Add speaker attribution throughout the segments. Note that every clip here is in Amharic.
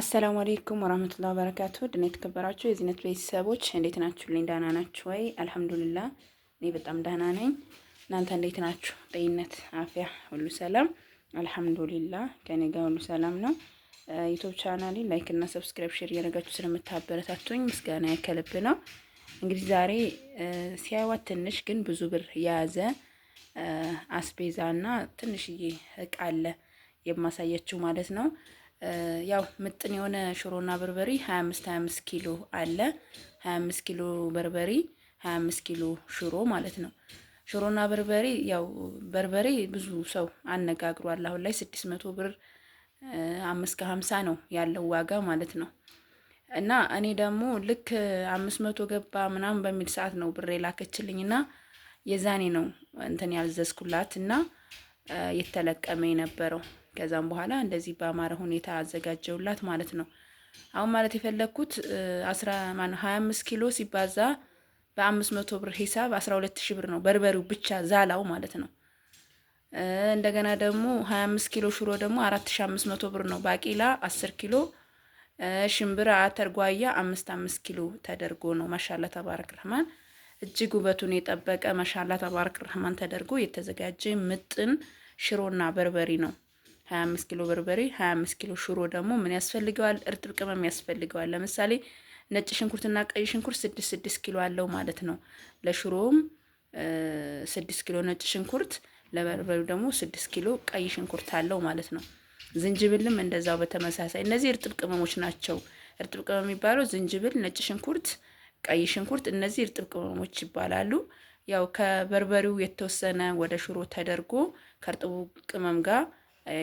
Speaker 1: አሰላሙ አሌይኩም ወራህመቱላ በረካቱ ድና የተከበራችሁ የዚህነት ቤተሰቦች እንዴት ናችሁ? ልኝ ዳህና ናችሁ ወይ? አልሐምዱልላ እኔ በጣም ዳህና ነኝ። እናንተ እንዴት ናችሁ? ጤንነት፣ አፍያ፣ ሁሉ ሰላም አልሐምዱሊላ። ከኔ ጋር ሁሉ ሰላም ነው። ዩቱብ ቻናሌ ላይክ እና ሰብስክሪፕሽን እያደረጋችሁ ስለምታበረታቱኝ ምስጋና ያከልብ ነው። እንግዲህ ዛሬ ሲያዩዋት ትንሽ ግን ብዙ ብር የያዘ አስቤዛና ትንሽዬ እቃ አለ የማሳያችሁ ማለት ነው። ያው ምጥን የሆነ ሽሮና በርበሪ 25 25 ኪሎ አለ። 25 ኪሎ በርበሪ 25 ኪሎ ሽሮ ማለት ነው። ሽሮና በርበሪ ያው በርበሪ ብዙ ሰው አነጋግሯል። አሁን ላይ 600 ብር 5 ከ50 ነው ያለው ዋጋ ማለት ነው። እና እኔ ደግሞ ልክ 500 ገባ ምናምን በሚል ሰዓት ነው ብር ላከችልኝና የዛኔ ነው እንትን ያልዘዝኩላት እና የተለቀመ የነበረው ከዛም በኋላ እንደዚህ በአማረ ሁኔታ አዘጋጀውላት ማለት ነው። አሁን ማለት የፈለግኩት አስራ ሀያ አምስት ኪሎ ሲባዛ በአምስት መቶ ብር ሂሳብ አስራ ሁለት ሺ ብር ነው በርበሬው ብቻ ዛላው ማለት ነው። እንደገና ደግሞ ሀያ አምስት ኪሎ ሽሮ ደግሞ አራት ሺ አምስት መቶ ብር ነው። ባቂላ አስር ኪሎ ሽምብራ ተርጓያ አምስት አምስት ኪሎ ተደርጎ ነው ማሻላ ተባረክ ረህማን እጅግ ውበቱን የጠበቀ ማሻላ ተባረክ ረህማን ተደርጎ የተዘጋጀ ምጥን ሽሮና በርበሪ ነው። 25 ኪሎ በርበሬ፣ 25 ኪሎ ሽሮ ደግሞ ምን ያስፈልገዋል? እርጥብ ቅመም ያስፈልገዋል። ለምሳሌ ነጭ ሽንኩርትና ቀይ ሽንኩርት 6 6 ኪሎ አለው ማለት ነው። ለሽሮውም 6 ኪሎ ነጭ ሽንኩርት፣ ለበርበሬው ደግሞ 6 ኪሎ ቀይ ሽንኩርት አለው ማለት ነው። ዝንጅብልም እንደዛው በተመሳሳይ እነዚህ እርጥብ ቅመሞች ናቸው። እርጥብ ቅመም የሚባለው ዝንጅብል፣ ነጭ ሽንኩርት፣ ቀይ ሽንኩርት እነዚህ እርጥብ ቅመሞች ይባላሉ። ያው ከበርበሬው የተወሰነ ወደ ሽሮ ተደርጎ ከእርጥቡ ቅመም ጋር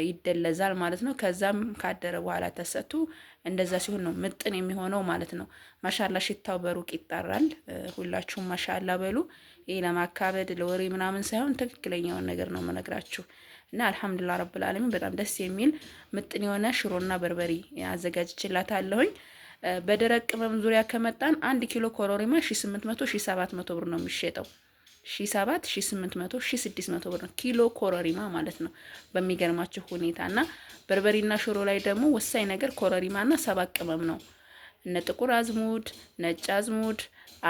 Speaker 1: ይደለዛል ማለት ነው። ከዛም ካደረ በኋላ ተሰቱ እንደዛ ሲሆን ነው ምጥን የሚሆነው ማለት ነው። ማሻላ ሽታው በሩቅ ይጣራል። ሁላችሁም ማሻላ በሉ። ይህ ለማካበድ ለወሬ ምናምን ሳይሆን ትክክለኛውን ነገር ነው መነግራችሁ እና አልሐምዱላ ረብል በጣም ደስ የሚል ምጥን የሆነ ሽሮና በርበሬ አዘጋጅችላታለሁኝ። በደረቅ ቅመም ዙሪያ ከመጣን አንድ ኪሎ ኮሮሪማ ሰባት መቶ ብር ነው የሚሸጠው። ሺህ ሰባት ሺህ ስምንት መቶ ስድስት መቶ ብር ነው ኪሎ ኮረሪማ ማለት ነው። በሚገርማችሁ ሁኔታ እና በርበሬና ሽሮ ላይ ደግሞ ወሳኝ ነገር ኮረሪማና ሰባት ቅመም ነው። እነ ጥቁር አዝሙድ፣ ነጭ አዝሙድ፣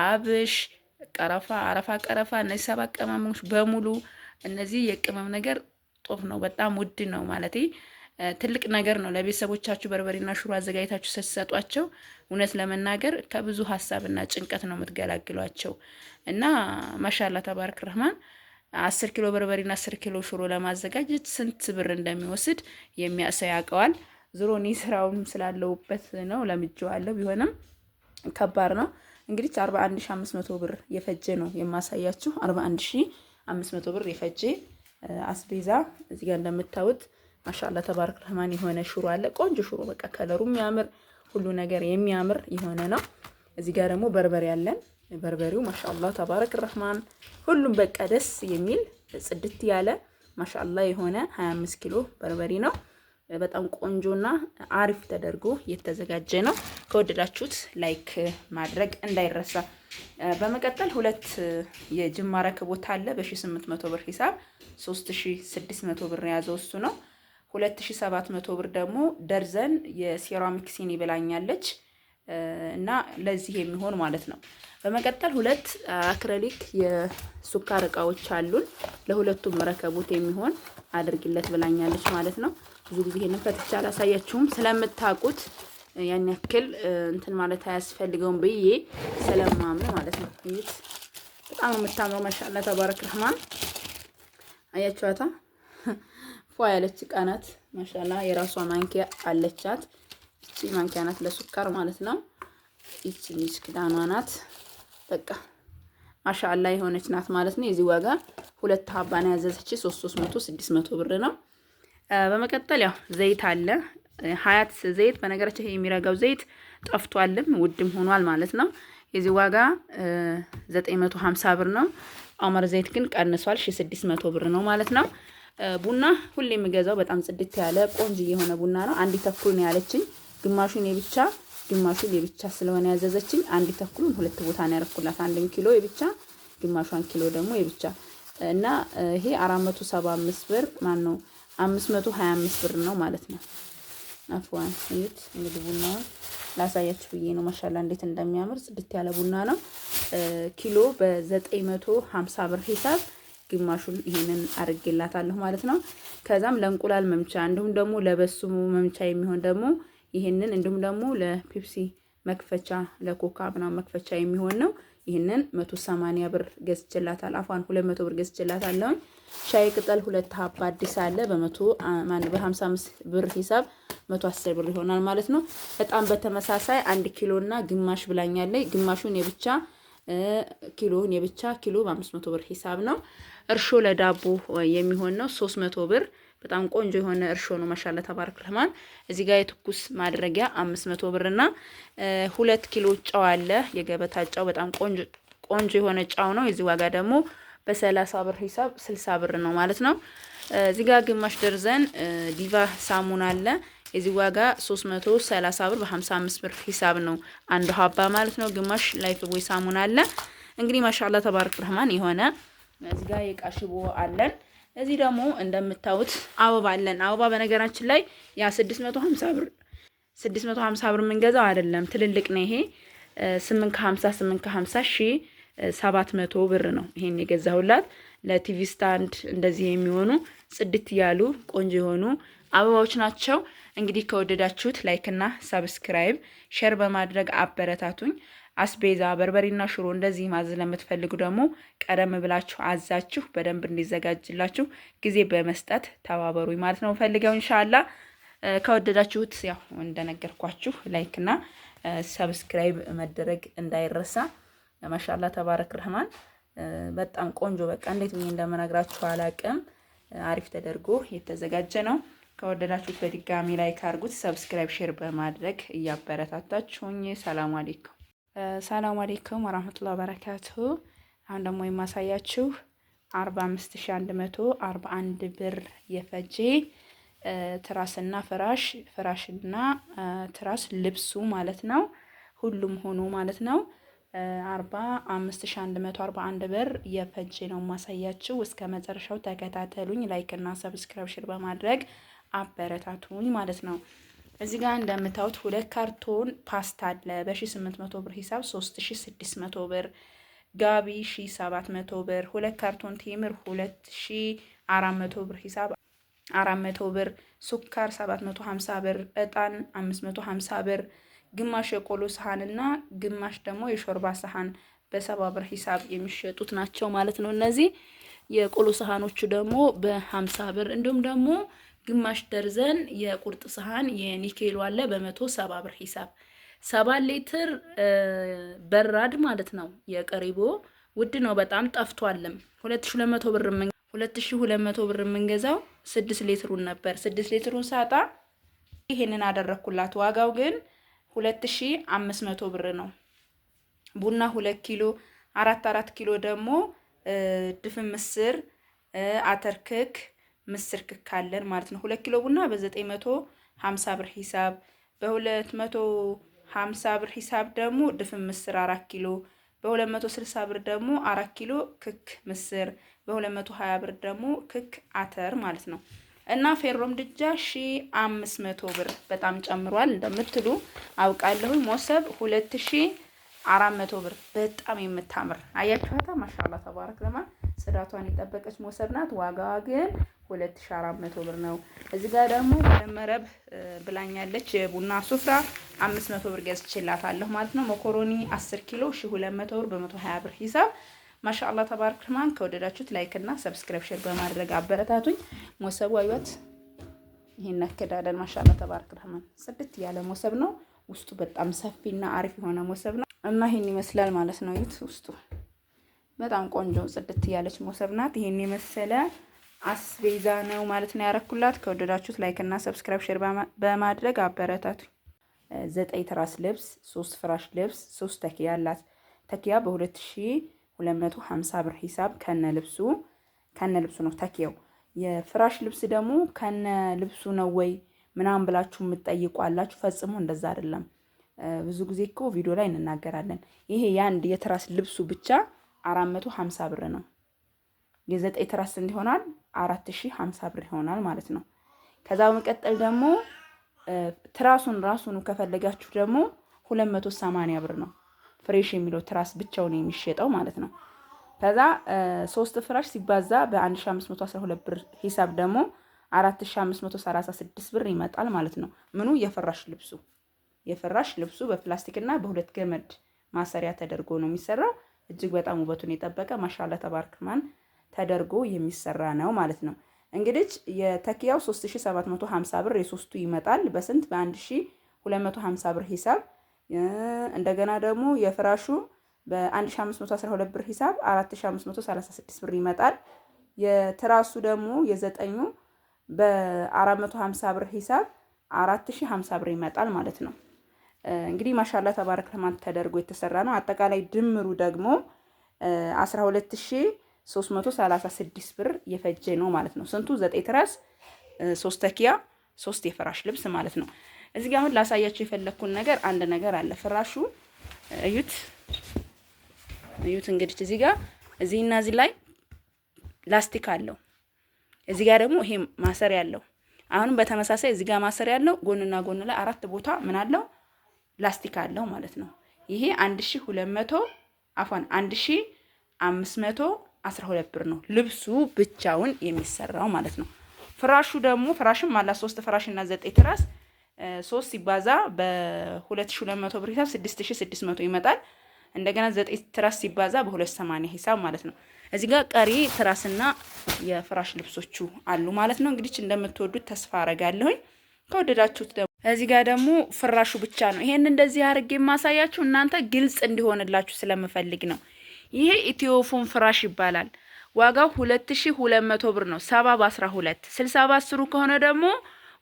Speaker 1: አብሽ፣ ቀረፋ፣ አረፋ ቀረፋ፣ እነዚህ ሰባት ቅመሞች በሙሉ እነዚህ የቅመም ነገር ጦፍ ነው። በጣም ውድ ነው ማለት ትልቅ ነገር ነው። ለቤተሰቦቻችሁ በርበሬና ሽሮ አዘጋጅታችሁ ስትሰጧቸው እውነት ለመናገር ከብዙ ሀሳብና ጭንቀት ነው የምትገላግሏቸው እና ማሻላ ተባረክ ረህማን አስር ኪሎ በርበሬና አስር ኪሎ ሽሮ ለማዘጋጀት ስንት ብር እንደሚወስድ የሚያሰው ያውቀዋል። ዞሮ እኔ ስራውም ስላለውበት ነው ለምጄዋለሁ። ቢሆንም ከባድ ነው እንግዲህ አርባ አንድ ሺ አምስት መቶ ብር የፈጀ ነው የማሳያችሁ። አርባ አንድ ሺ አምስት መቶ ብር የፈጀ አስቤዛ እዚጋ ጋር እንደምታዩት ማሻላ ተባረክ ረህማን የሆነ ሽሮ አለ። ቆንጆ ሽሮ በቃ ከለሩ የሚያምር ሁሉ ነገር የሚያምር የሆነ ነው። እዚህ ጋር ደግሞ በርበሬ አለን። በርበሬው ማሻላ ተባረክ ረህማን ሁሉም በቃ ደስ የሚል ጽድት ያለ ማሻላ የሆነ 25 ኪሎ በርበሬ ነው። በጣም ቆንጆና አሪፍ ተደርጎ የተዘጋጀ ነው። ከወደዳችሁት ላይክ ማድረግ እንዳይረሳ። በመቀጠል ሁለት የጅማ ረክቦት አለ በ800 ብር ሂሳብ 3600 ብር የያዘው እሱ ነው። 2700 ብር ደግሞ ደርዘን የሴራሚክ ሲኒ ብላኛለች እና ለዚህ የሚሆን ማለት ነው። በመቀጠል ሁለት አክረሊክ የሱካር እቃዎች አሉን ለሁለቱም ረከቦት የሚሆን አድርግለት ብላኛለች ማለት ነው። ብዙ ጊዜ ይሄንን ፈትቼ አላሳያችሁም ስለምታውቁት ያን ያክል እንትን ማለት አያስፈልገውም ብዬ ስለማምን ማለት ነው። ይህ በጣም የምታምረው ማሻአላ ተባረክ ረህማን አያችኋታ። ፏ ያለች እቃ ናት። ማሻላ የራሷ ማንኪያ አለቻት። እቺ ማንኪያ ናት ለሱካር ማለት ነው። እቺ ልጅ ክዳኗ ናት። በቃ ማሻላ የሆነች ናት ማለት ነው። የዚህ ዋጋ ሁለት ሀባ ነው ያዘዘች 300 ብር ነው። በመቀጠል ያው ዘይት አለ ሀያት ዘይት። በነገራችን የሚረጋው ዘይት ጠፍቷልም ውድም ሆኗል ማለት ነው። የዚህ ዋጋ 950 ብር ነው። ኦመር ዘይት ግን ቀንሷል 1600 ብር ነው ማለት ነው። ቡና ሁሌ የምገዛው በጣም ጽድት ያለ ቆንጆ የሆነ ቡና ነው። አንድ ተኩል ነው ያለችኝ። ግማሹን የብቻ ግማሹን የብቻ ስለሆነ ያዘዘችኝ አንድ ተኩሉን ሁለት ቦታ ነው ያረኩላት። አንድም ኪሎ የብቻ ግማሿን ኪሎ ደግሞ የብቻ እና ይሄ 475 ብር ማን ነው 525 ብር ነው ማለት ነው። አፍዋን እዩት እንግዲህ ቡናውን ላሳያችሁ ብዬ ነው። ማሻላ እንዴት እንደሚያምር ጽድት ያለ ቡና ነው። ኪሎ በ950 ብር ሂሳብ ግማሹን ይሄንን አድርጌላታለሁ ማለት ነው። ከዛም ለእንቁላል መምቻ እንዲሁም ደግሞ ለበሱ መምቻ የሚሆን ደግሞ ይሄንን እንዲሁም ደግሞ ለፔፕሲ መክፈቻ ለኮካ ምናምን መክፈቻ የሚሆን ነው። ይህንን 180 ብር ገዝቼላታል። አፏን 200 ብር ገዝቼላታለሁ። ሻይ ቅጠል ሁለት ሀባ አዲስ አለ በ100 ማን በ55 ብር ሂሳብ 110 ብር ይሆናል ማለት ነው። በጣም በተመሳሳይ አንድ ኪሎ እና ግማሽ ብላኛለች። ግማሹን የብቻ ኪሎን የብቻ ኪሎ በአምስት መቶ ብር ሂሳብ ነው። እርሾ ለዳቦ የሚሆን ነው ሶስት መቶ ብር። በጣም ቆንጆ የሆነ እርሾ ነው። ማሻላ ተባረክ ረህማን። እዚህ ጋር የትኩስ ማድረጊያ አምስት መቶ ብር እና ሁለት ኪሎ ጨው አለ። የገበታ ጨው በጣም ቆንጆ ቆንጆ የሆነ ጨው ነው። የዚህ ዋጋ ደግሞ በሰላሳ ብር ሂሳብ ስልሳ ብር ነው ማለት ነው። እዚህ ጋር ግማሽ ደርዘን ዲቫ ሳሙና አለ። የዚህ ዋጋ 330 ብር በ55 ብር ሂሳብ ነው አንዱ ሀባ ማለት ነው። ግማሽ ላይፍ ቦይ ሳሙና አለ እንግዲህ ማሻላ ተባረክ ረህማን የሆነ እዚህ ጋር የዕቃ ሽቦ አለን። እዚህ ደግሞ እንደምታዩት አበባ አለን። አበባ በነገራችን ላይ ያ 650 ብር 650 ብር የምንገዛው አይደለም፣ ትልልቅ ነው። ይሄ 8 ከ50 8 ከ50 ሺ 700 ብር ነው። ይሄን የገዛሁላት ለቲቪ ስታንድ እንደዚህ የሚሆኑ ጽድት ያሉ ቆንጆ የሆኑ አበባዎች ናቸው። እንግዲህ ከወደዳችሁት ላይክና ሰብስክራይብ ሼር በማድረግ አበረታቱኝ። አስቤዛ በርበሬና ሽሮ እንደዚህ ማዘዝ ለምትፈልጉ ደግሞ ቀደም ብላችሁ አዛችሁ በደንብ እንዲዘጋጅላችሁ ጊዜ በመስጠት ተባበሩ ማለት ነው ፈልገው እንሻላ። ከወደዳችሁት ያው እንደነገርኳችሁ ላይክና ሰብስክራይብ መደረግ እንዳይረሳ። ማሻላ ተባረክ ረህማን በጣም ቆንጆ በቃ እንዴት ብዬ እንደምነግራችሁ አላቅም። አሪፍ ተደርጎ የተዘጋጀ ነው። ከወደዳችሁት በድጋሚ ላይክ አድርጉት፣ ሰብስክራይብ፣ ሼር በማድረግ እያበረታታችሁኝ። ሰላም አሌይኩም፣ ሰላም አሌይኩም ወራህመቱላ በረካቱ። አሁን ደግሞ የማሳያችሁ አርባ አምስት ሺ አንድ መቶ አርባ አንድ ብር የፈጀ ትራስና ፍራሽ ፍራሽና ትራስ ልብሱ ማለት ነው። ሁሉም ሆኖ ማለት ነው አርባ አምስት ሺ አንድ መቶ አርባ አንድ ብር የፈጀ ነው የማሳያችሁ። እስከ መጨረሻው ተከታተሉኝ። ላይክና እና ሰብስክሪፕሽን በማድረግ አበረታቱኝ ማለት ነው። እዚህ ጋር እንደምታዩት ሁለት ካርቶን ፓስታ አለ በ1800 ብር ሂሳብ 3600 ብር፣ ጋቢ 1700 ብር፣ ሁለት ካርቶን ቴምር 2400 ብር ሂሳብ 400 ብር፣ ሱካር 750 ብር፣ እጣን 550 ብር፣ ግማሽ የቆሎ ሰሃን እና ግማሽ ደግሞ የሾርባ ሰሃን በሰባ ብር ሂሳብ የሚሸጡት ናቸው ማለት ነው። እነዚህ የቆሎ ሰሃኖቹ ደግሞ በ50 ብር እንዲሁም ደግሞ ግማሽ ደርዘን የቁርጥ ሰሃን የኒኬሉ አለ በመቶ ሰባ ብር ሂሳብ ሰባ ሊትር በራድ ማለት ነው። የቀሪቦ ውድ ነው በጣም ጠፍቷልም። ሁለት ሺ ሁለት መቶ ብር ሁለት ሺ ሁለት መቶ ብር የምንገዛው ስድስት ሊትሩን ነበር። ስድስት ሊትሩን ሳጣ ይሄንን አደረግኩላት። ዋጋው ግን ሁለት ሺ አምስት መቶ ብር ነው። ቡና ሁለት ኪሎ አራት አራት ኪሎ ደግሞ ድፍን ምስር አተርክክ ምስር ክክ አለን ማለት ነው። ሁለት ኪሎ ቡና በ950 ብር ሂሳብ፣ በ250 ብር ሂሳብ ደግሞ ድፍን ምስር አራት ኪሎ፣ በ260 ብር ደግሞ አራት ኪሎ ክክ ምስር፣ በ220 ብር ደግሞ ክክ አተር ማለት ነው። እና ፌሮም ድጃ ሺ አምስት መቶ ብር በጣም ጨምሯል እንደምትሉ አውቃለሁ። ሞሰብ ሁለት ሺ አራት መቶ ብር በጣም የምታምር አያችኋታ። ማሻላ ተባረክ ለማ ጽዳቷን የጠበቀች ሞሰብ ናት። ዋጋዋ ግን 2400 ብር ነው። እዚህ ጋር ደግሞ መረብ ብላኝ ያለች የቡና ሱፍራ 500 ብር ገዝቼላታለሁ ማለት ነው። መኮሮኒ 10 ኪሎ ሺ 1200 ብር በ120 ብር ሂሳብ ማሻአላ ተባረክ ረህማን። ከወደዳችሁት ላይክ እና ሰብስክሪፕሽን በማድረግ አበረታቱኝ። ሞሰቡ አይወት ይሄን ነክዳለን። ማሻአላ ተባረክ ረህማን ጽድት ያለ ሞሰብ ነው። ውስጡ በጣም ሰፊና አሪፍ የሆነ ሞሰብ ነው እና ይሄን ይመስላል ማለት ነው። ይሁት ውስጡ በጣም ቆንጆ ጽድት ያለች ሞሰብ ናት። ይሄን የመሰለ አስቤዛ ነው ማለት ነው ያረኩላት። ከወደዳችሁት ላይክ እና ሰብስክራይብ ሼር በማድረግ አበረታቱ። ዘጠኝ ትራስ ልብስ፣ ሶስት ፍራሽ ልብስ፣ ሶስት ተኪያ አላት። ተኪያ በ2250 ብር ሂሳብ ከነ ልብሱ ከነ ልብሱ ነው ተኪያው። የፍራሽ ልብስ ደግሞ ከነ ልብሱ ነው ወይ ምናምን ብላችሁ የምትጠይቁ አላችሁ። ፈጽሞ እንደዛ አይደለም። ብዙ ጊዜ እኮ ቪዲዮ ላይ እንናገራለን። ይሄ የአንድ የትራስ ልብሱ ብቻ 450 ብር ነው። የዘጠኝ ትራስ እንዲሆናል አራት ሺህ ሀምሳ ብር ይሆናል ማለት ነው። ከዛ በመቀጠል ደግሞ ትራሱን ራሱን ከፈለጋችሁ ደግሞ ሁለት መቶ ሰማንያ ብር ነው ፍሬሽ የሚለው ትራስ ብቻውን የሚሸጠው ማለት ነው። ከዛ ሶስት ፍራሽ ሲባዛ በ1512 ብር ሂሳብ ደግሞ 4536 ብር ይመጣል ማለት ነው። ምኑ የፍራሽ ልብሱ የፍራሽ ልብሱ በፕላስቲክ እና በሁለት ገመድ ማሰሪያ ተደርጎ ነው የሚሰራው። እጅግ በጣም ውበቱን የጠበቀ ማሻላ ተባርክማን ተደርጎ የሚሰራ ነው ማለት ነው። እንግዲህ የተኪያው 3750 ብር የሶስቱ ይመጣል በስንት በ1250 ብር ሂሳብ። እንደገና ደግሞ የፍራሹ በ1512 ብር ሂሳብ 4536 ብር ይመጣል። የትራሱ ደግሞ የዘጠኙ በ450 ብር ሂሳብ 4050 ብር ይመጣል ማለት ነው። እንግዲህ ማሻላ ተባረክ ለማን ተደርጎ የተሰራ ነው። አጠቃላይ ድምሩ ደግሞ 12000 336 ብር የፈጀ ነው ማለት ነው። ስንቱ ዘጠኝ ትራስ ሶስት ተኪያ ሶስት የፍራሽ ልብስ ማለት ነው። እዚህ ጋር አሁን ላሳያችሁ የፈለግኩን ነገር አንድ ነገር አለ። ፍራሹ እዩት እዩት እንግዲህ እዚህ ጋር እዚህና እዚህ ላይ ላስቲክ አለው። እዚህ ጋር ደግሞ ይሄ ማሰር ያለው አሁንም በተመሳሳይ እዚህ ጋር ማሰር ያለው ጎንና ጎን ላይ አራት ቦታ ምን አለው ላስቲክ አለው ማለት ነው። ይሄ 1200 አፏን 1500 አስራ ሁለት ብር ነው ልብሱ ብቻውን የሚሰራው ማለት ነው። ፍራሹ ደግሞ ፍራሽም አላት ሶስት ፍራሽ ዘጠኝ ትራስ ሶስት ሲባዛ በ2200 ብር ሂሳብ 6600 ይመጣል። እንደገና ዘጠኝ ትራስ ሲባዛ በ280 ሂሳብ ማለት ነው። እዚህ ጋር ቀሪ ትራስና የፍራሽ ልብሶቹ አሉ ማለት ነው። እንግዲህ እንደምትወዱት ተስፋ አረጋለሁኝ። ከወደዳችሁት ደግሞ እዚህ ጋር ደግሞ ፍራሹ ብቻ ነው። ይሄን እንደዚህ አድርጌ የማሳያችሁ እናንተ ግልጽ እንዲሆንላችሁ ስለምፈልግ ነው። ይሄ ኢትዮፎን ፍራሽ ይባላል። ዋጋው 2200 ብር ነው። 70 በ12 60 በ10 ከሆነ ደግሞ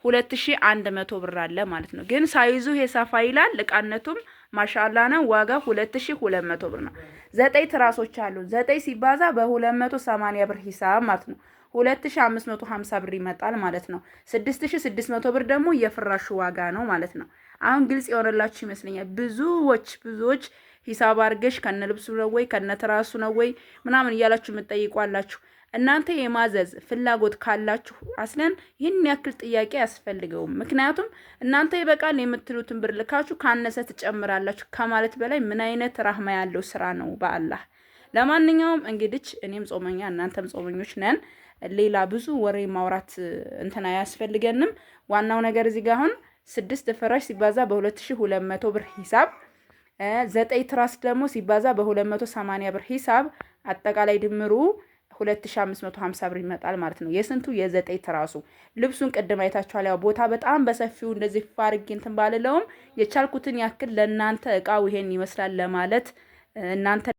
Speaker 1: 2100 ብር አለ ማለት ነው። ግን ሳይዙ ይሄ ሰፋ ይላል። እቃነቱም ማሻላ ነው። ዋጋ 2200 ብር ነው። ዘጠኝ ትራሶች አሉ። ዘጠኝ ሲባዛ በ280 ብር ሂሳብ ማለት ነው 2550 ብር ይመጣል ማለት ነው። 6600 ብር ደግሞ የፍራሹ ዋጋ ነው ማለት ነው። አሁን ግልጽ የሆነላችሁ ይመስለኛል ብዙዎች ብዙዎች ሂሳብ አድርገሽ ከነ ልብሱ ነው ወይ ከነ ትራሱ ነው ወይ ምናምን እያላችሁ የምትጠይቋላችሁ። እናንተ የማዘዝ ፍላጎት ካላችሁ አስለን ይህን ያክል ጥያቄ አያስፈልገውም። ምክንያቱም እናንተ ይበቃል የምትሉትን ብር ልካችሁ ካነሰ ትጨምራላችሁ ከማለት በላይ ምን አይነት ራህማ ያለው ስራ ነው በአላህ። ለማንኛውም እንግዲች እኔም ጾመኛ እናንተም ጾመኞች ነን። ሌላ ብዙ ወሬ ማውራት እንትን አያስፈልገንም። ዋናው ነገር እዚህ ጋር አሁን ስድስት ፍራሽ ሲባዛ በ2200 ብር ሂሳብ ዘጠኝ ትራስ ደግሞ ሲባዛ በ280 ብር ሂሳብ አጠቃላይ ድምሩ 2550 ብር ይመጣል ማለት ነው። የስንቱ የዘጠኝ ትራሱ ልብሱን ቅድም አይታችኋል። ያው ቦታ በጣም በሰፊው እንደዚህ ፋርጌ እንትን ባልለውም የቻልኩትን ያክል ለእናንተ እቃው ይሄን ይመስላል ለማለት እናንተ